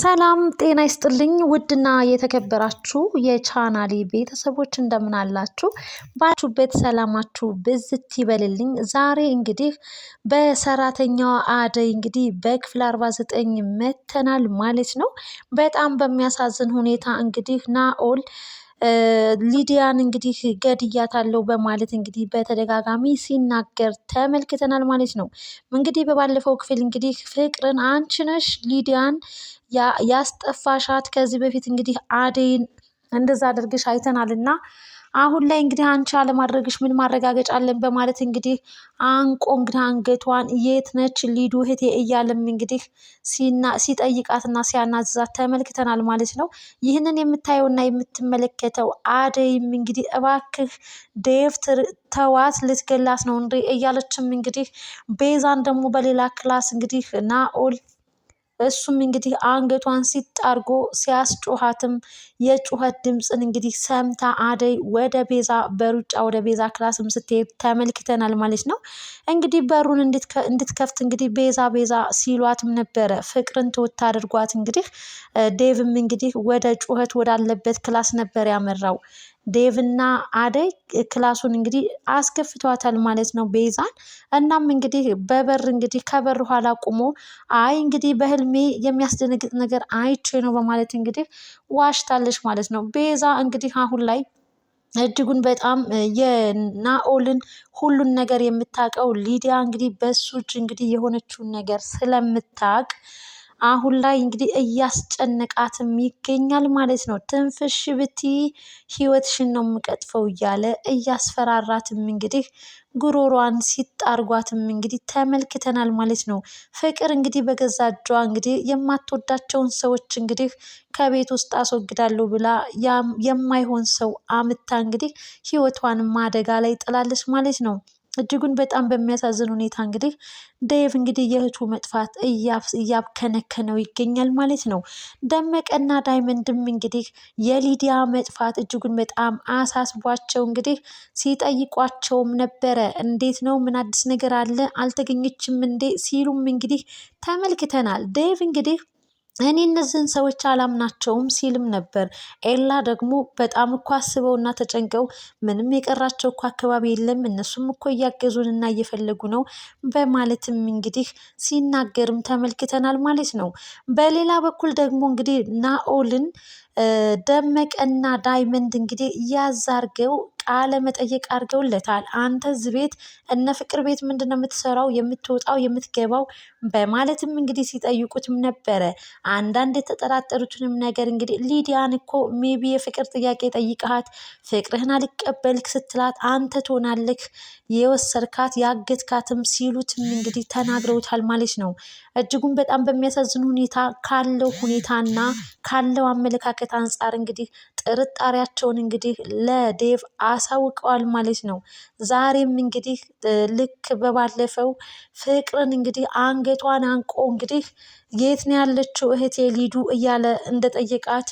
ሰላም ጤና ይስጥልኝ። ውድና የተከበራችሁ የቻናሌ ቤተሰቦች እንደምን አላችሁ? ባችሁበት ሰላማችሁ ብዝት ይበልልኝ። ዛሬ እንግዲህ በሰራተኛዋ አደይ እንግዲህ በክፍል አርባ ዘጠኝ መተናል ማለት ነው። በጣም በሚያሳዝን ሁኔታ እንግዲህ ናኦል ሊዲያን እንግዲህ ገድያታለሁ በማለት እንግዲህ በተደጋጋሚ ሲናገር ተመልክተናል ማለት ነው። እንግዲህ በባለፈው ክፍል እንግዲህ ፍቅርን አንቺ ነሽ ሊዲያን ያስጠፋሻት ከዚህ በፊት እንግዲህ አደይን እንደዛ አድርግሽ አይተናል እና አሁን ላይ እንግዲህ አንቺ አለማድረግሽ ምን ማረጋገጫ አለን በማለት እንግዲህ አንቆ እንግዲህ አንገቷን የት ነች ሊዱ እህቴ እያለም እንግዲህ ሲጠይቃትና ሲያናዝዛት ተመልክተናል ማለት ነው። ይህንን የምታየውና የምትመለከተው አደይም እንግዲህ እባክህ ዴቭ ተዋት ልትገላት ነው እንዴ እያለችም እንግዲህ ቤዛን ደግሞ በሌላ ክላስ እንግዲህ ናኦል እሱም እንግዲህ አንገቷን ሲጣርጎ ሲያስጮሃትም የጩኸት ድምፅን እንግዲህ ሰምታ አደይ ወደ ቤዛ በሩጫ ወደ ቤዛ ክላስም ስትሄድ ተመልክተናል ማለት ነው። እንግዲህ በሩን እንድትከፍት እንግዲህ ቤዛ ቤዛ ሲሏትም ነበረ። ፍቅርን ትውት አድርጓት እንግዲህ ዴቭም እንግዲህ ወደ ጩኸት ወዳለበት ክላስ ነበር ያመራው። ዴቭና አደይ ክላሱን እንግዲህ አስከፍቷታል ማለት ነው ቤዛን። እናም እንግዲህ በበር እንግዲህ ከበር ኋላ ቁሞ አይ እንግዲህ በህልሜ የሚያስደነግጥ ነገር አይቼ ነው በማለት እንግዲህ ዋሽታለች ማለት ነው። ቤዛ እንግዲህ አሁን ላይ እጅጉን በጣም የናኦልን ሁሉን ነገር የምታውቀው ሊዲያ እንግዲህ በሱ እጅ እንግዲህ የሆነችውን ነገር ስለምታውቅ አሁን ላይ እንግዲህ እያስጨነቃትም ይገኛል ማለት ነው። ትንፍሽ ብቲ ህይወትሽን ነው የምቀጥፈው እያለ እያስፈራራትም እንግዲህ ጉሮሯን ሲጣርጓትም እንግዲህ ተመልክተናል ማለት ነው። ፍቅር እንግዲህ በገዛ እጇ እንግዲህ የማትወዳቸውን ሰዎች እንግዲህ ከቤት ውስጥ አስወግዳለሁ ብላ የማይሆን ሰው አምታ እንግዲህ ህይወቷንም አደጋ ላይ ጥላለች ማለት ነው። እጅጉን በጣም በሚያሳዝን ሁኔታ እንግዲህ ደቭ እንግዲህ የእህቱ መጥፋት እያብከነከነው ይገኛል ማለት ነው። ደመቀና ዳይመንድም እንግዲህ የሊዲያ መጥፋት እጅጉን በጣም አሳስቧቸው እንግዲህ ሲጠይቋቸውም ነበረ። እንዴት ነው? ምን አዲስ ነገር አለ? አልተገኘችም እንዴ? ሲሉም እንግዲህ ተመልክተናል። ዴቭ እንግዲህ እኔ እነዚህን ሰዎች አላምናቸውም ሲልም ነበር። ኤላ ደግሞ በጣም እኮ አስበውና ተጨንቀው ምንም የቀራቸው እኮ አካባቢ የለም እነሱም እኮ እያገዙንና እየፈለጉ ነው በማለትም እንግዲህ ሲናገርም ተመልክተናል ማለት ነው። በሌላ በኩል ደግሞ እንግዲህ ናኦልን ደመቀና ዳይመንድ እንግዲህ እያዛርገው ቃለ መጠየቅ አድርገውለታል። አንተ እዚህ ቤት እነ ፍቅር ቤት ምንድን ነው የምትሰራው የምትወጣው የምትገባው? በማለትም እንግዲህ ሲጠይቁትም ነበረ። አንዳንድ የተጠራጠሩትንም ነገር እንግዲህ ሊዲያን እኮ ሜቢ የፍቅር ጥያቄ ጠይቀሃት ፍቅርህን አልቀበልክ ስትላት አንተ ትሆናለህ የወሰድካት ያገትካትም ሲሉትም እንግዲህ ተናግረውታል ማለት ነው። እጅጉን በጣም በሚያሳዝን ሁኔታ ካለው ሁኔታና ካለው አመለካከት ከመመልከት አንጻር እንግዲህ ጥርጣሬያቸውን እንግዲህ ለዴቭ አሳውቀዋል ማለት ነው። ዛሬም እንግዲህ ልክ በባለፈው ፍቅርን እንግዲህ አንገቷን አንቆ እንግዲህ የት ነው ያለችው እህቴ ሊዱ እያለ እንደጠየቃት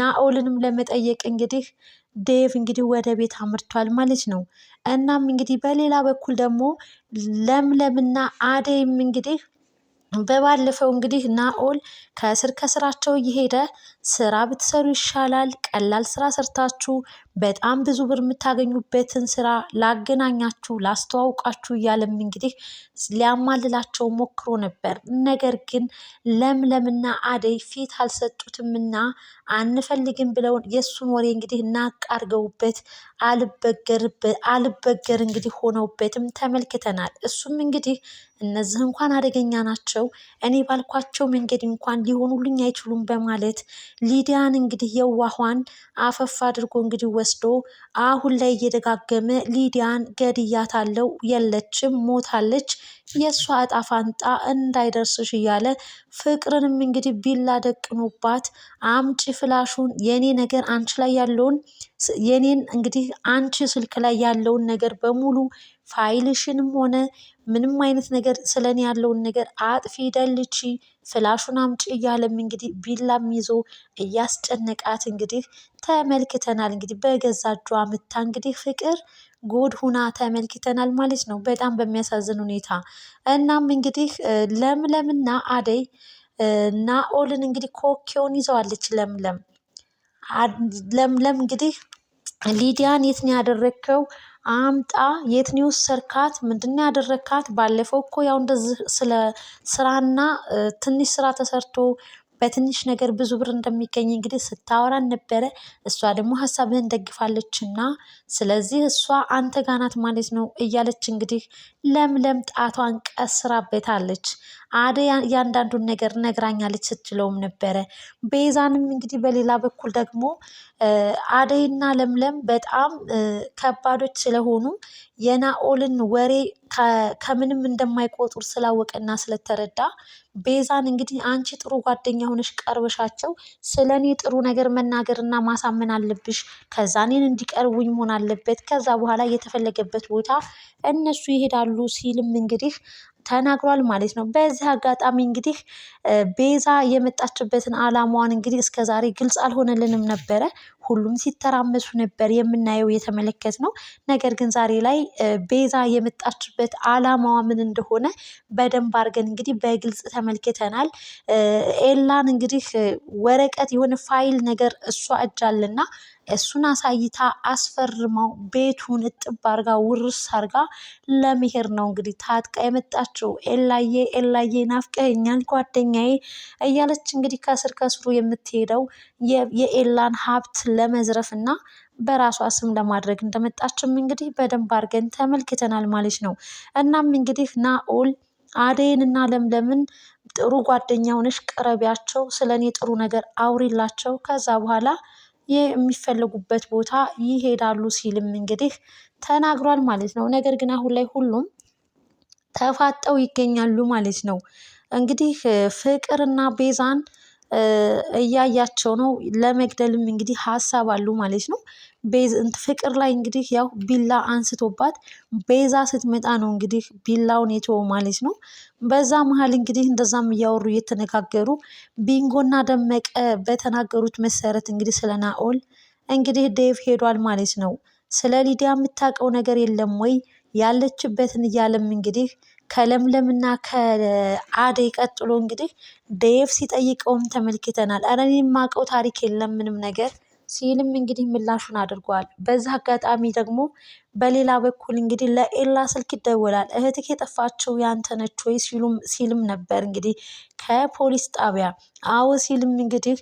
ናኦልንም ለመጠየቅ እንግዲህ ዴቭ እንግዲህ ወደ ቤት አምርቷል ማለት ነው። እናም እንግዲህ በሌላ በኩል ደግሞ ለምለምና አደይም እንግዲህ በባለፈው እንግዲህ ናኦል ከስር ከስራቸው እየሄደ ስራ ብትሰሩ ይሻላል፣ ቀላል ስራ ሰርታችሁ በጣም ብዙ ብር የምታገኙበትን ስራ ላገናኛችሁ፣ ላስተዋውቃችሁ እያለም እንግዲህ ሊያማልላቸው ሞክሮ ነበር። ነገር ግን ለምለምና አደይ ፊት አልሰጡትምና አንፈልግም ብለው የእሱን ወሬ እንግዲህ እናቃርገውበት አልበገር እንግዲህ ሆነውበትም ተመልክተናል። እሱም እንግዲህ እነዚህ እንኳን አደገኛ ናቸው፣ እኔ ባልኳቸው መንገድ እንኳን ሊሆኑልኝ አይችሉም በማለት ሊዲያን እንግዲህ የዋኋን አፈፍ አድርጎ እንግዲህ ወስዶ አሁን ላይ እየደጋገመ ሊዲያን ገድያታለሁ፣ የለችም፣ ሞታለች፣ የእሷ እጣ ፋንጣ እንዳይደርስሽ እያለ ፍቅርንም እንግዲህ ቢላ ደቅኖባት አምጪ ፍላሹን የኔ ነገር አንቺ ላይ ያለውን የኔን እንግዲህ አንቺ ስልክ ላይ ያለውን ነገር በሙሉ ፋይልሽንም ሆነ ምንም አይነት ነገር ስለኔ ያለውን ነገር አጥፊ ደልቺ ፍላሹን አምጪ እያለም እንግዲህ ቢላም ይዞ እያስጨነቃት እንግዲህ ተመልክተናል። እንግዲህ በገዛ እጇ ምታ እንግዲህ ፍቅር ጉድ ሁና ተመልክተናል ማለት ነው፣ በጣም በሚያሳዝን ሁኔታ። እናም እንግዲህ ለምለምና አደይ ናኦልን እንግዲህ ኮኬውን ይዘዋለች ለምለም ለምለም እንግዲህ ሊዲያን የት ነው ያደረግከው አምጣ የት ኒውስ ሰርካት ምንድን ያደረካት? ባለፈው እኮ ያው እንደዚህ ስለ ስራና ትንሽ ስራ ተሰርቶ በትንሽ ነገር ብዙ ብር እንደሚገኝ እንግዲህ ስታወራን ነበረ። እሷ ደግሞ ሀሳብህን ደግፋለችና ስለዚህ እሷ አንተ ጋናት ማለት ነው እያለች እንግዲህ ለምለም ጣቷን ቀስራበታለች። አደይ እያንዳንዱን ነገር ነግራኛለች ስትለውም ነበረ። ቤዛንም እንግዲህ በሌላ በኩል ደግሞ አደይና ለምለም በጣም ከባዶች ስለሆኑ የናኦልን ወሬ ከምንም እንደማይቆጥር ስላወቀና ስለተረዳ ቤዛን እንግዲህ አንቺ ጥሩ ጓደኛ ሆነሽ ቀርበሻቸው ስለ እኔ ጥሩ ነገር መናገርና ማሳመን አለብሽ። ከዛ እኔን እንዲቀርቡኝ መሆን አለበት። ከዛ በኋላ የተፈለገበት ቦታ እነሱ ይሄዳሉ ሲልም እንግዲህ ተናግሯል ማለት ነው። በዚህ አጋጣሚ እንግዲህ ቤዛ የመጣችበትን አላማዋን እንግዲህ እስከ ዛሬ ግልጽ አልሆነልንም ነበረ። ሁሉም ሲተራመሱ ነበር የምናየው የተመለከት ነው። ነገር ግን ዛሬ ላይ ቤዛ የመጣችበት አላማዋ ምን እንደሆነ በደንብ አድርገን እንግዲህ በግልጽ ተመልክተናል። ኤላን እንግዲህ ወረቀት የሆነ ፋይል ነገር እሷ አለና። እሱን አሳይታ አስፈርመው ቤቱን እጥብ አርጋ ውርስ አርጋ ለመሄድ ነው እንግዲህ ታጥቃ የመጣችው። ኤላዬ ኤላዬ ናፍቀኛል ጓደኛዬ እያለች እንግዲህ ከስር ከስሩ የምትሄደው የኤላን ሀብት ለመዝረፍ እና በራሷ ስም ለማድረግ እንደመጣችም እንግዲህ በደንብ አርገን ተመልክተናል ማለት ነው። እናም እንግዲህ ናኦል አደይን እና ለምለምን ጥሩ ጓደኛ ሆነሽ ቅረቢያቸው፣ ስለ እኔ ጥሩ ነገር አውሪላቸው ከዛ በኋላ የሚፈለጉበት ቦታ ይሄዳሉ ሲልም እንግዲህ ተናግሯል ማለት ነው። ነገር ግን አሁን ላይ ሁሉም ተፋጠው ይገኛሉ ማለት ነው። እንግዲህ ፍቅርና ቤዛን እያያቸው ነው። ለመግደልም እንግዲህ ሀሳብ አሉ ማለት ነው። ፍቅር ላይ እንግዲህ ያው ቢላ አንስቶባት ቤዛ ስትመጣ ነው እንግዲህ ቢላውን የተወው ማለት ነው። በዛ መሀል እንግዲህ እንደዛም እያወሩ እየተነጋገሩ ቢንጎና ደመቀ በተናገሩት መሰረት እንግዲህ ስለ ናኦል እንግዲህ ዴቭ ሄዷል ማለት ነው። ስለ ሊዲያ የምታውቀው ነገር የለም ወይ ያለችበትን እያለም እንግዲህ ከለምለምና ከአደይ ቀጥሎ እንግዲህ ደየፍ ሲጠይቀውም ተመልክተናል። እረ እኔ የማውቀው ታሪክ የለም ምንም ነገር ሲልም እንግዲህ ምላሹን አድርጓል። በዛ አጋጣሚ ደግሞ በሌላ በኩል እንግዲህ ለኤላ ስልክ ይደወላል። እህትክ የጠፋችው ያንተ ነች ወይ ሲልም ነበር እንግዲህ ከፖሊስ ጣቢያ አዎ ሲልም እንግዲህ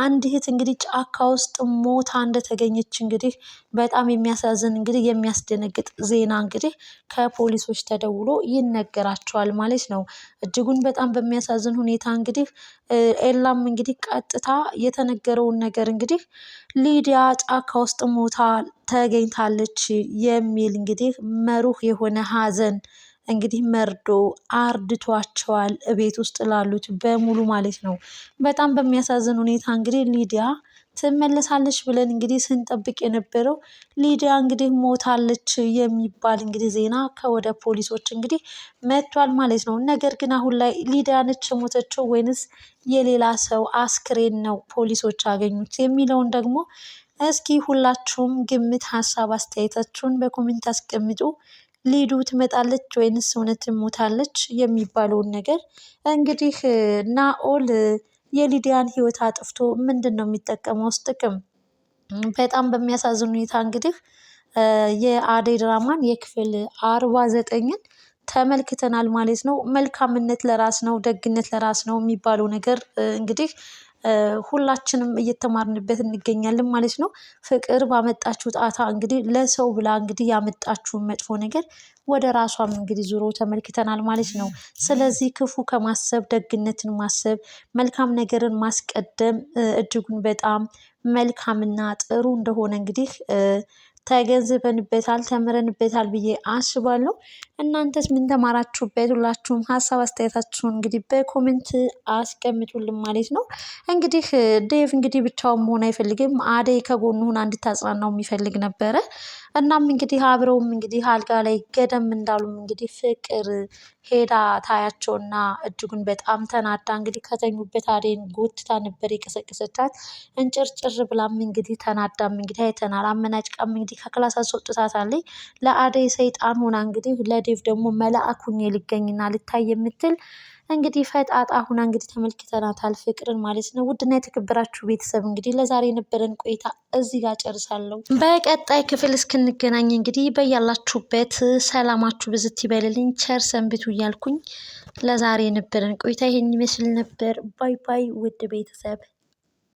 አንድ እህት እንግዲህ ጫካ ውስጥ ሞታ እንደተገኘች እንግዲህ በጣም የሚያሳዝን እንግዲህ የሚያስደነግጥ ዜና እንግዲህ ከፖሊሶች ተደውሎ ይነገራቸዋል ማለት ነው። እጅጉን በጣም በሚያሳዝን ሁኔታ እንግዲህ ኤላም እንግዲህ ቀጥታ የተነገረውን ነገር እንግዲህ ሊዲያ ጫካ ውስጥ ሞታ ተገኝታለች የሚል እንግዲህ መሩህ የሆነ ሀዘን እንግዲህ መርዶ አርድቷቸዋል ቤት ውስጥ ላሉት በሙሉ ማለት ነው። በጣም በሚያሳዝን ሁኔታ እንግዲህ ሊዲያ ትመለሳለች ብለን እንግዲህ ስንጠብቅ የነበረው ሊዲያ እንግዲህ ሞታለች የሚባል እንግዲህ ዜና ከወደ ፖሊሶች እንግዲህ መጥቷል ማለት ነው። ነገር ግን አሁን ላይ ሊዲያ ነች የሞተችው ወይንስ የሌላ ሰው አስክሬን ነው ፖሊሶች አገኙት የሚለውን ደግሞ እስኪ ሁላችሁም ግምት፣ ሀሳብ አስተያየታችሁን በኮሜንት አስቀምጡ። ሊዱ ትመጣለች ወይንስ እውነት ትሞታለች የሚባለውን ነገር እንግዲህ ናኦል የሊዲያን ህይወት አጥፍቶ ምንድን ነው የሚጠቀመው ጥቅም? በጣም በሚያሳዝን ሁኔታ እንግዲህ የአደይ ድራማን የክፍል አርባ ዘጠኝን ተመልክተናል ማለት ነው። መልካምነት ለራስ ነው፣ ደግነት ለራስ ነው የሚባለው ነገር እንግዲህ ሁላችንም እየተማርንበት እንገኛለን ማለት ነው። ፍቅር ባመጣችሁ ጣታ እንግዲህ ለሰው ብላ እንግዲህ ያመጣችሁን መጥፎ ነገር ወደ ራሷም እንግዲህ ዙሮ ተመልክተናል ማለት ነው። ስለዚህ ክፉ ከማሰብ ደግነትን ማሰብ፣ መልካም ነገርን ማስቀደም እጅጉን በጣም መልካምና ጥሩ እንደሆነ እንግዲህ ተገንዝበንበታል፣ ተምረንበታል ብዬ አስባለሁ። እናንተስ ምን ተማራችሁበት? ሁላችሁም ሀሳብ አስተያየታችሁን እንግዲህ በኮሜንት አስቀምጡልን ማለት ነው። እንግዲህ ዴቭ እንግዲህ ብቻውን መሆን አይፈልግም። አደይ ከጎኑ ሆና እንድታጽናናው የሚፈልግ ነበረ። እናም እንግዲህ አብረውም እንግዲህ አልጋ ላይ ገደም እንዳሉም እንግዲህ ፍቅር ሄዳ ታያቸውና እጅጉን በጣም ተናዳ እንግዲህ ከተኙበት አዴን ጎትታ ነበር የቀሰቀሰቻት። እንጭርጭር ብላም እንግዲህ ተናዳም እንግዲህ አይተናል። አመናጭቃም እንግዲህ ከክላስ አስወጥታታለች። ለአደይ ሰይጣን ሆና እንግዲህ ለዴቭ ደግሞ መልአክ ሁኜ ልገኝና ልታይ የምትል እንግዲህ ፈጣጣ ሁና እንግዲህ ተመልክተናታል ፍቅርን ማለት ነው። ውድና የተከበራችሁ ቤተሰብ እንግዲህ ለዛሬ የነበረን ቆይታ እዚህ ጋር ጨርሳለሁ። በቀጣይ ክፍል እስክንገናኝ እንግዲህ በያላችሁበት ሰላማችሁ ብዝት ይበልልኝ፣ ቸር ሰንብቱ እያልኩኝ ለዛሬ የነበረን ቆይታ ይሄን ይመስል ነበር። ባይ ባይ ውድ ቤተሰብ